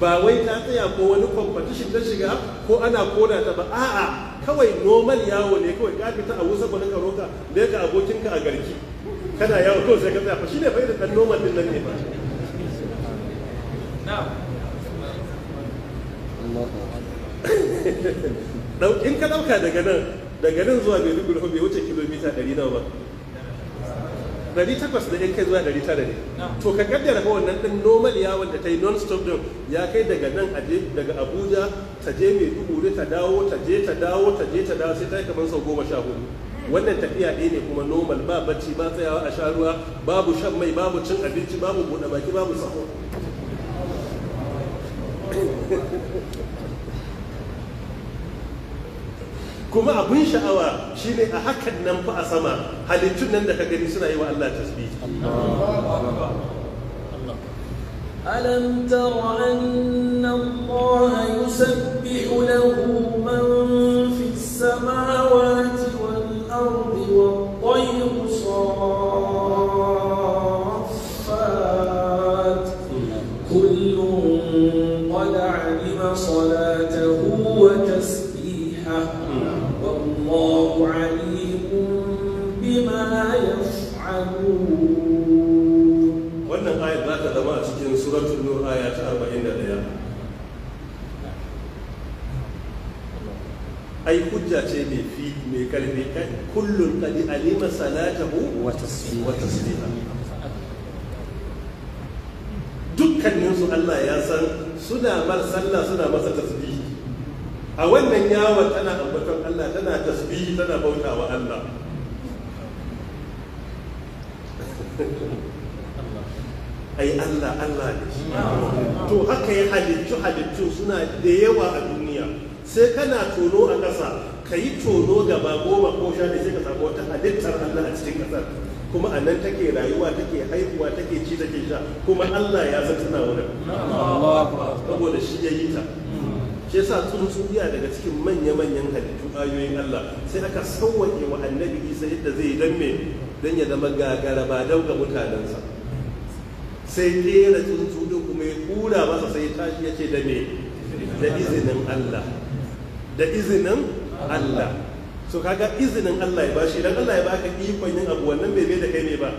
A: ba wai ta tsaya ko wani competition ta shiga ko ana kona ta ba a'a kawai normal yawo ne kawai ka fita a wusa gwani karoka da ka abokinka a garki kana yawo kawai sai ka tsaya fa shine fa irin dan normal din nan ne ba na'am in ka ɗauka daga nan daga nan zuwa mai dubu bai wuce kilomita ɗari nawa ba ɗari takwas da yan kai zuwa ɗari tara ne to ka kaddara fa wannan ɗin normal yawon da ta yi non stop ya kai daga nan daga abuja ta je mai dubu ta dawo ta je ta dawo ta je ta dawo sai ta yi kamar sau goma sha hudu wannan tafiya ɗaya ne kuma normal ba bacci ba tsayawa a sha ruwa babu shan mai babu cin abinci babu buɗe baki babu sahur kuma abin sha'awa shine a hakan nan fa a sama halittun nan da ka gani suna yi wa Allah tasbihi
B: ألم تر أن الله يسبح له من في السماوات والأرض والطير صافات كل
A: قد علم صلاته wannan ayar za ta zama a cikin suratul nur aya ta 41 ai hujja ce mai fi mai karfi kullum qad alima salatahu wa tasbiha dukkanin Dukkaninsu Allah ya san suna mar sallah suna masa tasbihi a wannan yawon tana ambaton Allah tana tasbi tana bautawa Allah Ayi allah allah da to haka ya halittu halittu suna da yawa a duniya sai kana tono a ƙasa ka yi tono gaba goma ko sha sai ka samu wata halittar allah a cikin ƙasar kuma a nan take rayuwa take haihuwa take ci take sha kuma allah ya san tana wurin saboda shi ya yi ta shi yasa tsuntsu iya daga cikin manya-manyan halittu ayoyin Allah sai aka sauwaƙe wa annabi Isa yadda zai dan me dan ya zama gagara ba dauka mutanensa sai lera tsuntsu din kuma ya kura masa sai ya tashi ya ce da me da izinin Allah da izinin Allah so kaga izinin Allah ya bashi idan Allah ya baka ikon yin abu wannan bai da kai ne ba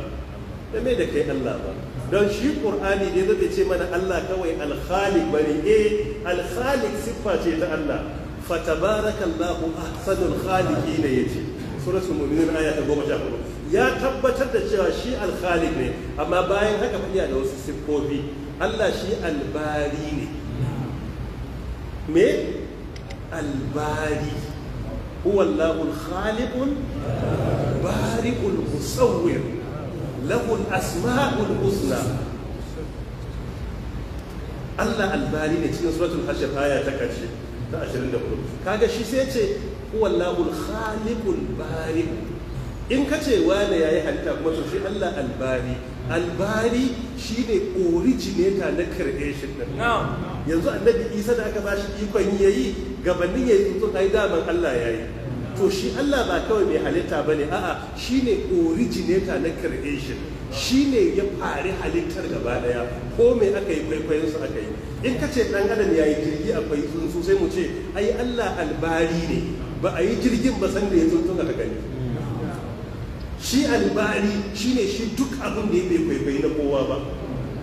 A: Da mai da kai Allah ba don shi Qur'ani ne zai ce mana Allah kawai al-Khaliq bane eh al-Khaliq siffa ce ta Allah fatabarakallahu ahsanul khaliqin yace suratul mu'minun aya ta 14 ya tabbatar da cewa shi alkhalik ne amma bayan haka fiya da wasu siffofi Allah shi albari ne me albari huwa Allahul khaliqul bari'ul musawwir lahu asmaul husna Allah albari ne cikin suratul hashir aya ta karshe ta 24 kaga shi sai ce huwa Allahul khaliqul bari'ul in ka ce wane ya yi halitta kuma to shi Allah albari albari shi ne originator na creation din yanzu annabi isa da aka ba shi ikon ya yi gabanin ya yi tsuntsun ai daman Allah ya yi to shi Allah ba kawai mai halitta ba ne a'a shi ne originator na creation shi ne ya fari halittar gaba daya ko mai aka yi kwaikwayon su aka yi in ka ce dan adam ya yi jirgi akwai tsuntsu sai mu ce ai Allah albari ne ba a yi jirgin ba san da ya tuntun ka gani shi albari shine shi duk abin da ya bai kwaikwayi na kowa ba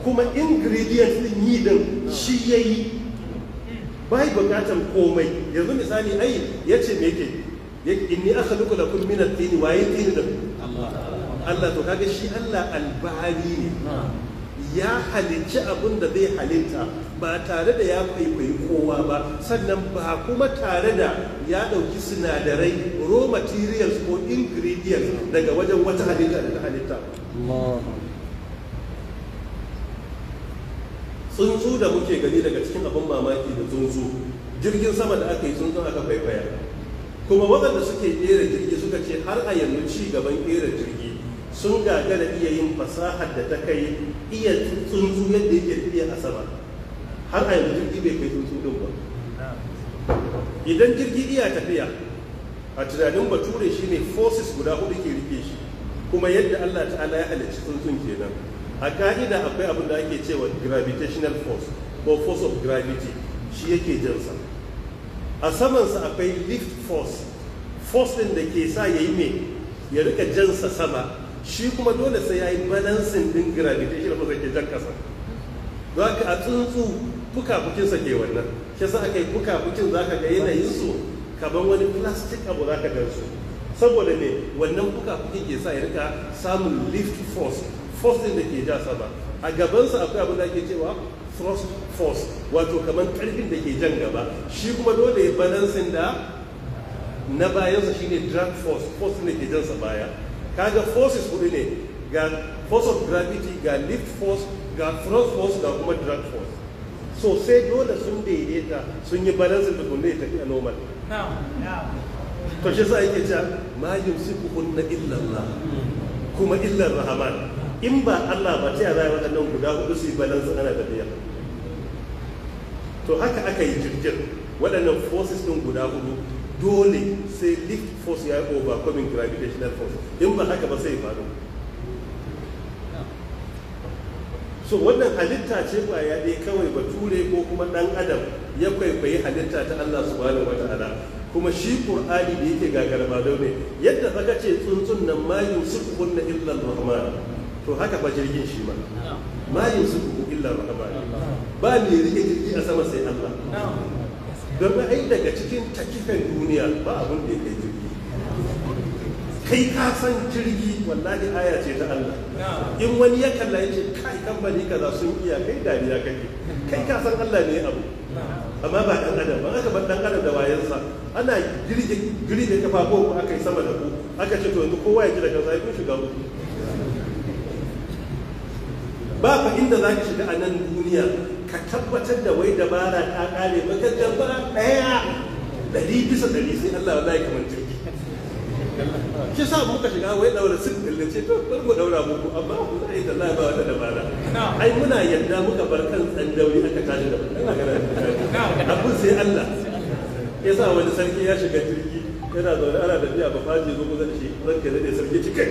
A: kuma ingredients din yi din shi yayi bai bukatan komai yanzu misali ai ce me yake inni akhluqu lakum minar at waye wa da Allah to kaga shi Allah albari ne ya halicci abin da zai halitta ba tare da ya kwaikwayi kowa ba sannan ba kuma tare da ya ɗauki sinadarai raw materials ko ingredients daga wajen wata halitta da tsuntsu da muke gani daga cikin abin mamaki da tsuntsu jirgin sama da aka yi tsuntsun aka kwaikwaya kuma waɗanda suke ƙera jirgi suka ce har a yanzu ci gaban ƙera jirgi sun gagara iya yin fasahar da ta kai iya tsuntsu yadda yake tafiya a sama har a yanzu jirgi bai kai tsuntsu din ba idan jirgi iya tafiya a tunanin bature shi ne forces guda hudu ke rike shi kuma yadda allah ta'ala ya halarci tsuntsun kenan a ka'ida akwai abin da ake cewa gravitational force ko force of gravity shi yake jansa a samansa akwai lift force force din da ke sa ya yi mai ya rika jansa sama shi kuma dole sai ya yi balansin din gravitation zai ke jan kasa za ka a tsuntsu sa ke wannan shi sa aka yi bukin za ka ga su kamar wani plastic abu za ka gansu saboda ne wannan bukin ke sa ya rika samun lift force force din da ke ja sama a gabansa akwai abin da ake cewa thrust force wato kamar karfin da ke jan gaba shi kuma dole ya balansin da na bayansa shine drag force force ne ke jansa baya kaga forces hudu ne ga force of gravity ga lift force ga thrust force ga kuma drag force so sai dole sun daidaita sun yi balance da kunne tafi a normal to shi sai yake cewa ma yumsiku hunna illa Allah kuma illar rahman in ba Allah ba ta yaya waɗannan guda hudu su yi balance ana tafiya to haka aka yi jirgin waɗannan forces ɗin guda hudu dole sai lift force ya yi overcoming gravitational force in ba haka ba sai faru so wannan halitta ce ba ya dai kawai ba ture ko kuma dan adam ya kwaikwayi halitta ta Allah wata ala kuma shi qur'ani da yake gagarba da ne yadda zaka ce tsuntsun nan ma na illa rahman to haka ba jirgin shi ba ma yusukun illa rahman ba mai rike jirgi a sama sai Allah domin ai daga cikin takifin duniya ba abin da ya jirgi kai ka san jirgi wallahi aya ce ta Allah in wani ya kalla ya ce kai kamfani kaza sun iya kai dariya kake kai ka san Allah ne abu amma ba dan adam ba aka bar dan adam da wayansa ana girge girgin kafa ko aka yi sama da ku aka ce to yanzu kowa ya ji daga shiga ba ka inda za ka shiga a nan duniya ka tabbatar da wai dabara ta kare maka dabara ɗaya ɗari bisa ɗari sai Allah ya zai kamar jirgi shi sa muka shiga wai ɗaura sun kallace to bar mu ɗaura muku amma ku za yi Allah ba wata dabara ai muna yadda muka bar kan tsandauri aka tashi da abin sai Allah ya sa wani sarki ya shiga jirgi yana zaune ana tafiya ba faji zo kusa da shi ranka da sarki cikin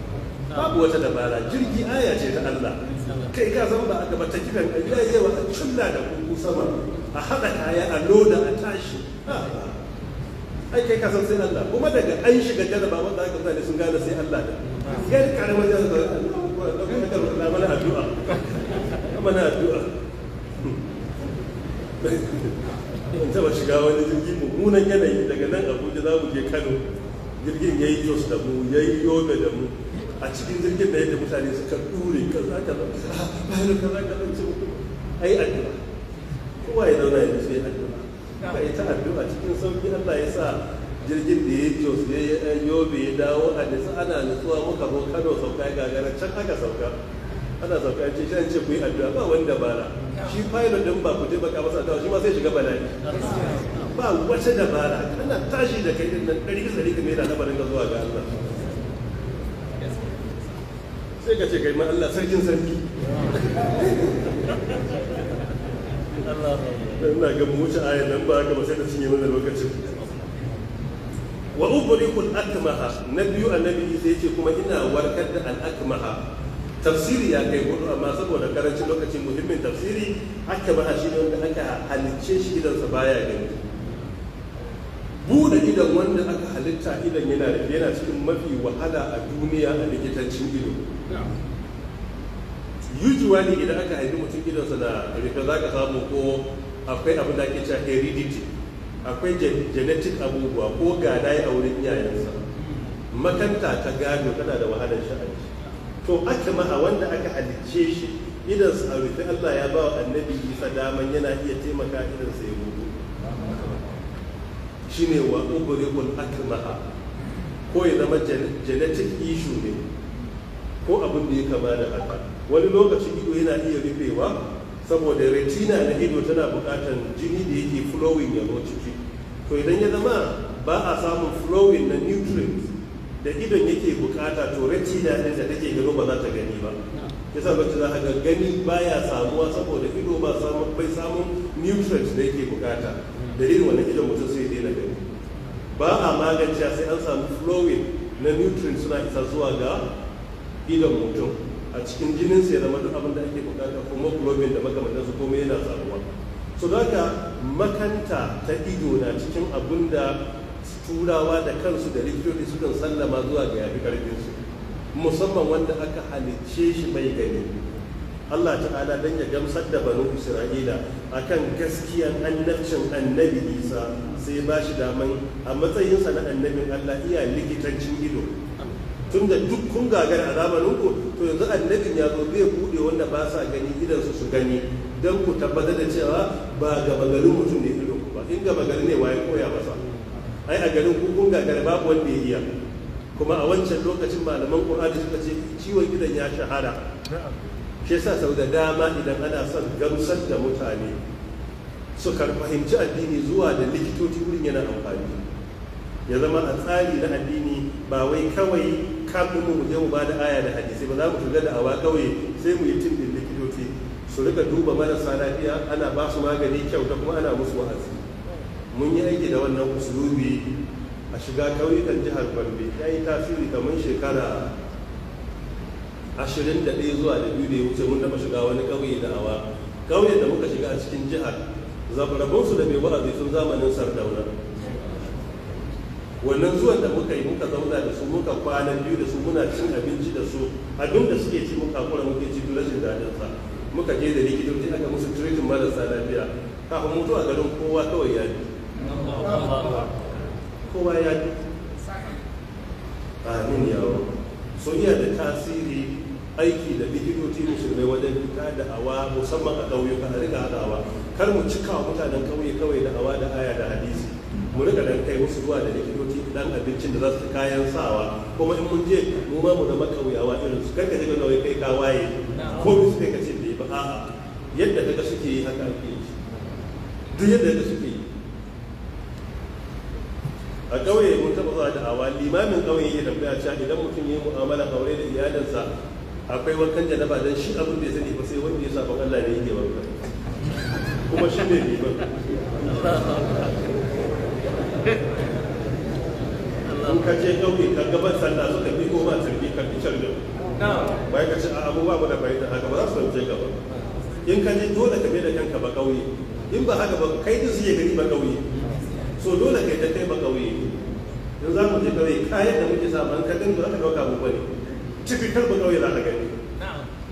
A: babu wata dabara jirgi aya ce ta Allah kai ka zama ba a gaba ta kiran ya yi yawa a cunna da kuku sama a haɗa kaya a loda a tashi ai kai ka san sai Allah kuma daga an shiga jarabawa wanda aka mutane sun gane sai Allah da yar karamar jarabawa da kuma karɓar mana addu'a mana addu'a in taba shiga wani jirgin mummunan yanayi daga nan abuja za mu je kano jirgin ya yi jos da mu ya yi yobe da mu a cikin jirgin da yadda mutane suka dure kaza kaza bayan ka kaza ce mutum yi addu'a kowa ya zauna ya sai addu'a ka yi ta addu'a cikin sauki Allah ya sa jirgin da ya yi jos ya yobe ya dawo a nisa ana nutsuwa muka zo Kano sauka ya gagara can aka sauka ana sauka ce shi ce ku yi addu'a ba wanda bara shi pilot din ba ku je baka masa addu'a shi ma sai shiga bala'i ba wace dabara kana tashi da kai din nan ɗari bisa ɗari ka mai da labarin ka zuwa ga Allah sai ka ce kai ma Allah sarkin sarki ina ga muci ayan nan ba ga sai ta cinye mana lokacin wa ubriqul akmaha na biyu annabi sai ce kuma ina warkar da al akmaha tafsiri ya kai hudu amma saboda karancin lokacin muhimmin tafsiri akmaha shi ne wanda aka halicce shi sa baya gani buɗe idan wanda aka halitta idan yana yana cikin mafi wahala a duniya a likitancin ido usually idan aka haifi mutum idonsa da rika za ka samu ko akwai abin da ake cewa heredity akwai genetic abubuwa ko gada a wurin iyayensa makanta ta gado tana da wahalar sha'ani to aka a wanda aka halicce shi idan a rufe Allah ya ba wa annabi Isa daman yana iya taimaka idan sa ya shine wa ubrikul akmaha ko ya zama genetic issue ne ko abin da ya kama da haka wani lokaci ido yana iya rufewa saboda retina na ido tana bukatan jini da yake flowing ya zo ciki to idan ya zama ba a samun flowing na nutrients da idon yake bukata to retina ne da take gano ba za ta gani ba yasa bacci za a ga gani baya samuwa saboda ido ba samun bai samun nutrients da yake bukata dalilin wanda idan mutum sai daina gani ba a magance sai an samu flowing na nutrients suna isa zuwa ga idon mutum a cikin jinin sai zama duk abin da ake bukata hemoglobin da makamantan su komai yana samuwa so haka makanta ta ido na cikin abin da turawa da kansu da likitoci sukan sallama zuwa ga yafi karfin su musamman wanda aka halicce shi bai gani Allah ta'ala dan ya gamsar da banu Isra'ila akan gaskiyar annabcin annabi Isa sai ba shi daman a matsayinsa na annabin Allah iya likitancin ido tun da duk kun gagara a zamanin to yanzu annabin ya zo zai buɗe wanda ba sa gani idansu su gani don ku tabbatar da cewa ba ga bagarin mutum ne ido ba in ga bagarin ne waye koya masa ai a garin ku kun gagara babu wanda ya iya kuma a wancan lokacin malaman Qur'ani suka ce ciwon gidan ya shahara ke sa sau da dama idan ana son gamsar da mutane su fahimci addini zuwa da likitoci wurin yana amfani ya zama a tsari na addini ba wai kawai kafin mu je mu ba da aya da hadisi ba za mu shiga da awa kawai sai mu yi tim likitoci su rika duba marasa lafiya ana ba su magani kyauta kuma ana musu wa'azi mun yi aiki da wannan usulubi a shiga kauyukan jihar Gombe ya yi tasiri kamar shekara ashirin da ɗaya zuwa da biyu da ya wuce mun taɓa shiga wani ƙauye da awa ƙauye da muka shiga a cikin jihar zafarabinsu da mai wa'azi sun zamanin sardauna wannan zuwan da muka yi muka zauna da su muka kwana biyu da su muna cin abinci da su abin da suke ci muka kura muke ci duk rashin daɗin sa muka je da likitoci aka musu treating marasa lafiya kafin mutu a garin kowa kawai ya bi kowa ya amin yawo so iya da tasiri aiki da likitoci musulmai wajen fita da awa musamman a ƙauyuka a rika hadawa kar mu cika wa mutanen ƙauye kawai da awa da aya da hadisi mu rika dan kai wasu zuwa da likitoci dan abincin da za su kayan sawa kuma in mun je mu ma mu zama ƙauyawa irin su kanka daga nauyi kai ka waye ko su kai ka ce bai ba a'a yadda daga suke yi haka ake yi duk yadda daga suke yi a ƙauye mun taɓa zuwa da awa limamin ƙauye ya tambaya cewa idan mutum ya yi mu'amala aure da iyalinsa akwai wankan janaba don shi abin da ya sani ba sai wanda ya sabon Allah ne yake wanka kuma shi ne ne in ka ce ɗauke ka gaban sanda suka bi ko ba tarbi ka fi can din bai ka ce a abu ba da bai da haka ba za su ɗauke ka ba in ka je dole ka mai da kanka ba ƙauye in ba haka ba kai din su yi gani ba ƙauye so dole yi ta kai ba ƙauye in za mu je ƙauye kayan da muke sa ban ka ba za ka ɗauka mu ba ne typical ba kauye za ka gani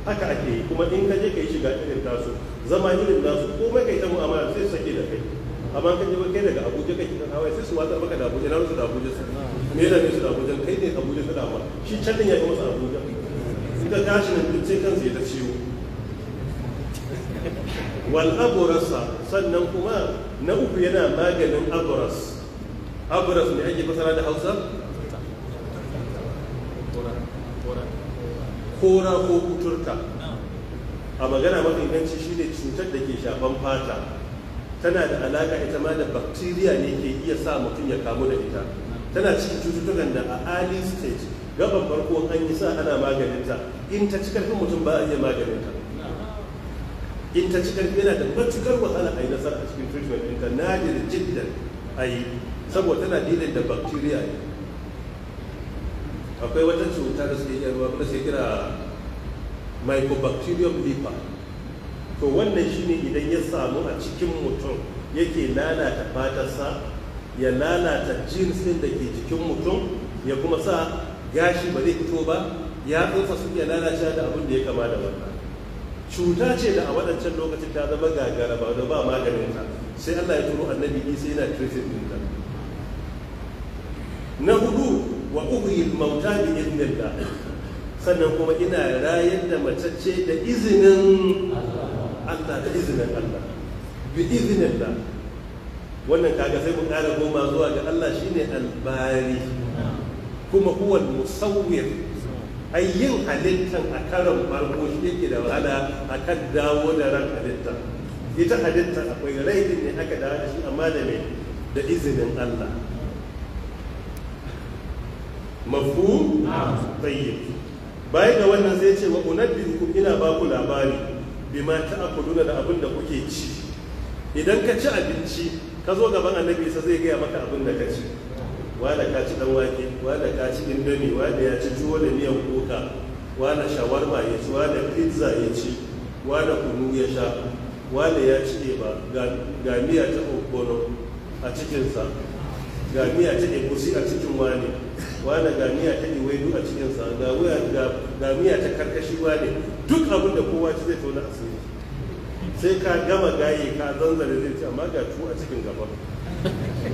A: haka ake yi kuma in ka je ka yi shiga irin tasu zama irin nasu komai kai ta mu'amala sai sake da kai amma kan ba kai daga abuja kai kan hawaye sai su wata maka da abuja na su da abuja su me da ne su da abuja kai ne abuja su da amma shi can din ya yi masa abuja ita tashi nan duk sai kan zai ta ciwo wal aburasa sannan kuma na uku yana maganin aburas aburas ne ake fasara da hausa kora ko kuturta a magana mafi inganci shine cutar da ke shafan fata tana da alaka ita ma da bakteriya ne ke iya sa mutum ya kamu da ita tana cikin cututtukan da a early stage gaban farko an yi sa ana maganinta in ta ci karfin mutum ba a iya maganinta in ta ci karfi yana da matukar wahala a yi nasara a cikin treatment ɗinta nadir jiddan a yi saboda tana dilin da bakteriya ne akwai wata cuta da suke iya ruwa kuma sai kira mycobacterium leper to wannan shine idan ya samu a cikin mutum yake lalata fatarsa ya lalata jeans din da ke jikin mutum ya kuma sa gashi ba zai fito ba ya tsofa su iya lalace da abin da ya kama da wannan cuta ce da a waɗancan lokacin ta zama gagara ba da ba maganin ta sai Allah ya turo annabi Isa yana treating din na hudu wa uhyil mauta bi idnillah sannan kuma ina rayar da matacce da izinin Allah da izinin Allah bi idnillah wannan kaga sai mu ƙara goma zuwa ga Allah shine albari kuma huwal musawwir ai yin halittan a karon farko shi yake da wahala a kan dawo da ran halittan ita halittan akwai raidin ne aka dawo da shi amma da me da izinin Allah mafu tayyib bayan da wannan zai ce wa unabbiukum ina ba ku labari bima ta'kuluna da abin da kuke ci idan ka ci abinci ka zo gaban annabi zai gaya maka abin da ka ci wala ka ci dan wake wala ka ci indomi wala ya ci tuwo da miyan kuka wala shawarma ya ci wala pizza ya ci wala kunu ya sha wala ya ci eba ga miya ta okono a cikinsa ga miya ta egusi a cikin wani wani ga miya ta iwaidu a cikinsa ga miya ta karkashi ne duk abin da kowa ci zai tona asiri sai ka gama gaye ka zanzare zai ci amma ga tu a cikin gaba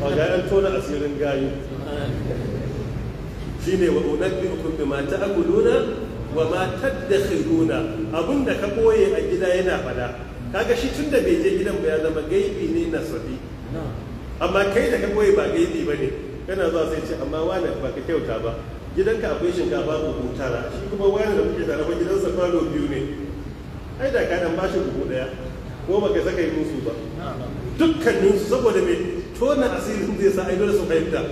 A: a ga an tona asirin gayu Shi shine wa unabbi'ukum bima ta'kuluna wa ma tadakhiruna abinda ka koye a gida yana fada kaga shi tunda bai je gidan ba ya zama gaibi ne nasabi amma kai da ka koye ba gaibi bane kana zuwa sai ce amma wani ba ka kyauta ba gidanka akwai shinkafa ku tara shi kuma wani da muke tara ba gidansa kwano biyu ne ai da ka dan bashi buhu daya ko baka saka yi musu ba dukkanin su saboda me tona asirin zai sa ai dole su fahimta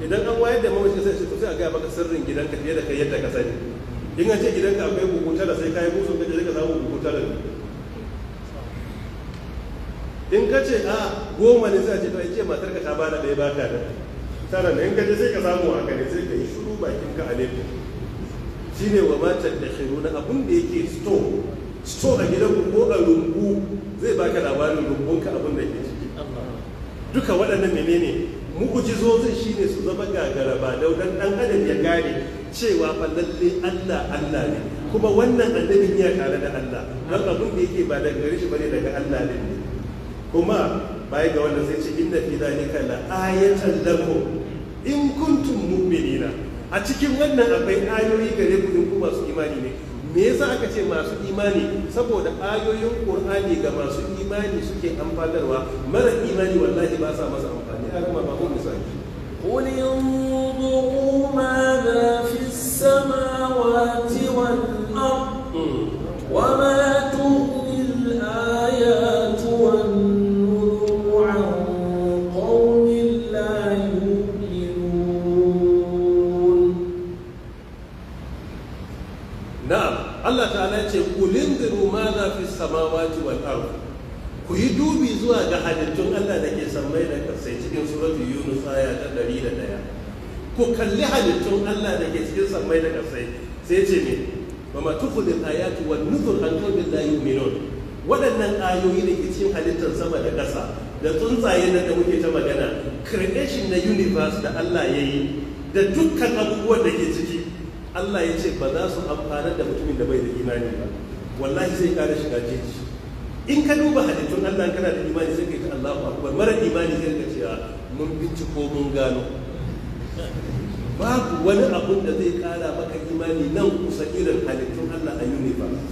A: idan an wayar da mamaci sai su sai a ga baka sirrin gidanka fiye da kai yadda ka sani in an ce gidanka akwai buhu tara sai kai musu ka je ka samu buhu tara in ka ce a goma ne sai a ce to ai ce matar ka ta bada ɗaya baka da tara da in ka je sai ka samu haka ne sai ka yi shiru bakin ka a shi ne wa matan da shiru na abin da yake sto sto a gidan ko a rumbu zai baka labarin ka abin da ke ciki duka waɗannan menene mu'ujizozin shi ne su zama gagara ba daudan dan adam ya gane cewa fa lalle Allah Allah ne kuma wannan annabin ya tare da Allah dan abin da yake ba daga gare shi bane daga Allah ne kuma baya ga wanda sai ce inna fi zalika la ayatan lakum in kuntum mu'minina a cikin wannan akwai ayoyi gare ku in ku masu imani ne me yasa aka ce masu imani saboda ayoyin qur'ani ga masu imani suke amfanarwa mara imani wallahi ba sa masa amfani har ma ba mu misali
B: za fi samawati wal السماوات wa ma tu
A: samawati wal ard ku yi dubi zuwa ga halittun Allah da ke sammai da kasai cikin suratu Yunus aya ta 101 ku kalli halittun Allah da ke cikin sammai da kasai sai ce me wa ma ayati wan nuzur an qawmin la yu'minun waɗannan ayoyi da ke cikin halittar sama da ƙasa da tsuntsaye na da muke ta magana creation na universe da Allah ya yi da dukkan abubuwan da ke ciki Allah ya ce ba za su amfana da mutumin da bai da imani ba wallahi zai kara shiga jeji in ka duba halittun Allah kana da imani sai kai ta Allahu akbar mara imani sai ka cewa mun binciko mun gano babu wani abun da zai kara maka imani nan kusa irin halittun Allah a universe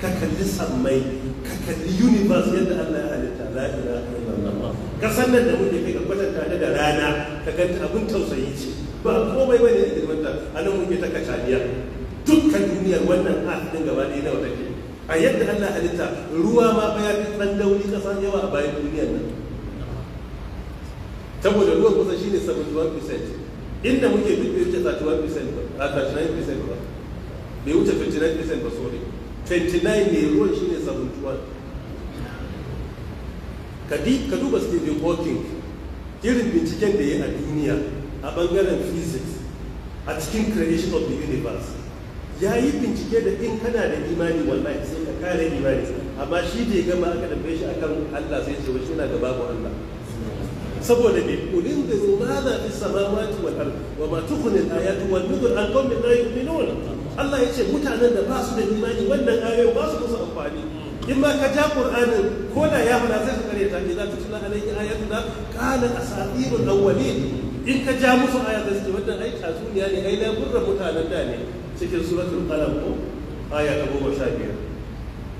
A: ka kalli sammai ka kalli universe yadda Allah ya halitta la ilaha illallah kasan nan da muke kai ka kwatanta da rana ka ganta abun tausayi ce ba komai bane da ta anan muke ta kacaniya duniyar wannan art din gaba ɗaya nawa take a yadda Allah halitta ruwa ma ba ya fi tsandauri kasa yawa a bayan duniyar nan saboda ruwan kusa shine 71% inda muke duk bai wuce 31% ba 39% ba bai wuce 29% ba sorry 29 ne ruwan shine 71 ka duba stephen hawking irin binciken da ya a duniya a bangaren physics a cikin creation of the universe ya yi bincike da in kana da imani wallahi sai ka kare imani amma shi da ya gama aka dabe shi akan Allah sai ce wai yana da babu Allah saboda ne, ulin da zumada fi samawati wal ard wa ma tukhni al ayatu wan nuzur an qawmin la yu'minun Allah ya ce mutanen da ba su da imani wannan ayoyi ba su musu amfani in ma ka ja qur'anin ko da ya fada sai ka kare ta idan ta tuna alayhi ayatuna qala asatirul awwalin in ka ja musu ayatin wannan ai tatsuniya ne ai na mutanen da ne cikin suratul qalam ko aya ta goma sha biyar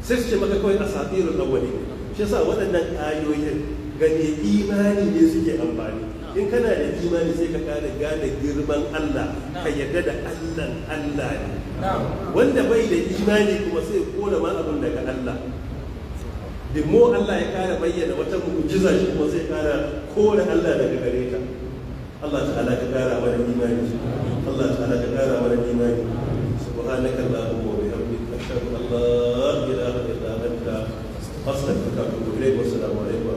A: sai su ce maka kawai asatirul awwali shi yasa waɗannan ayoyin gane imani ne suke amfani in kana da imani sai ka kada gane girman Allah ka yarda da Allah Allah ne wanda bai da imani kuma sai ya kona ma abin daga Allah da mo Allah ya kara bayyana wata mu'jiza shi kuma sai kara kora Allah daga gare ta Allah ta'ala ka kara mana imani Allah ta'ala ka kara imani سبحانك اللهم وبحمدك أشهد أن لا إله إلا أنت أستغفرك وأتوب إليك والسلام عليكم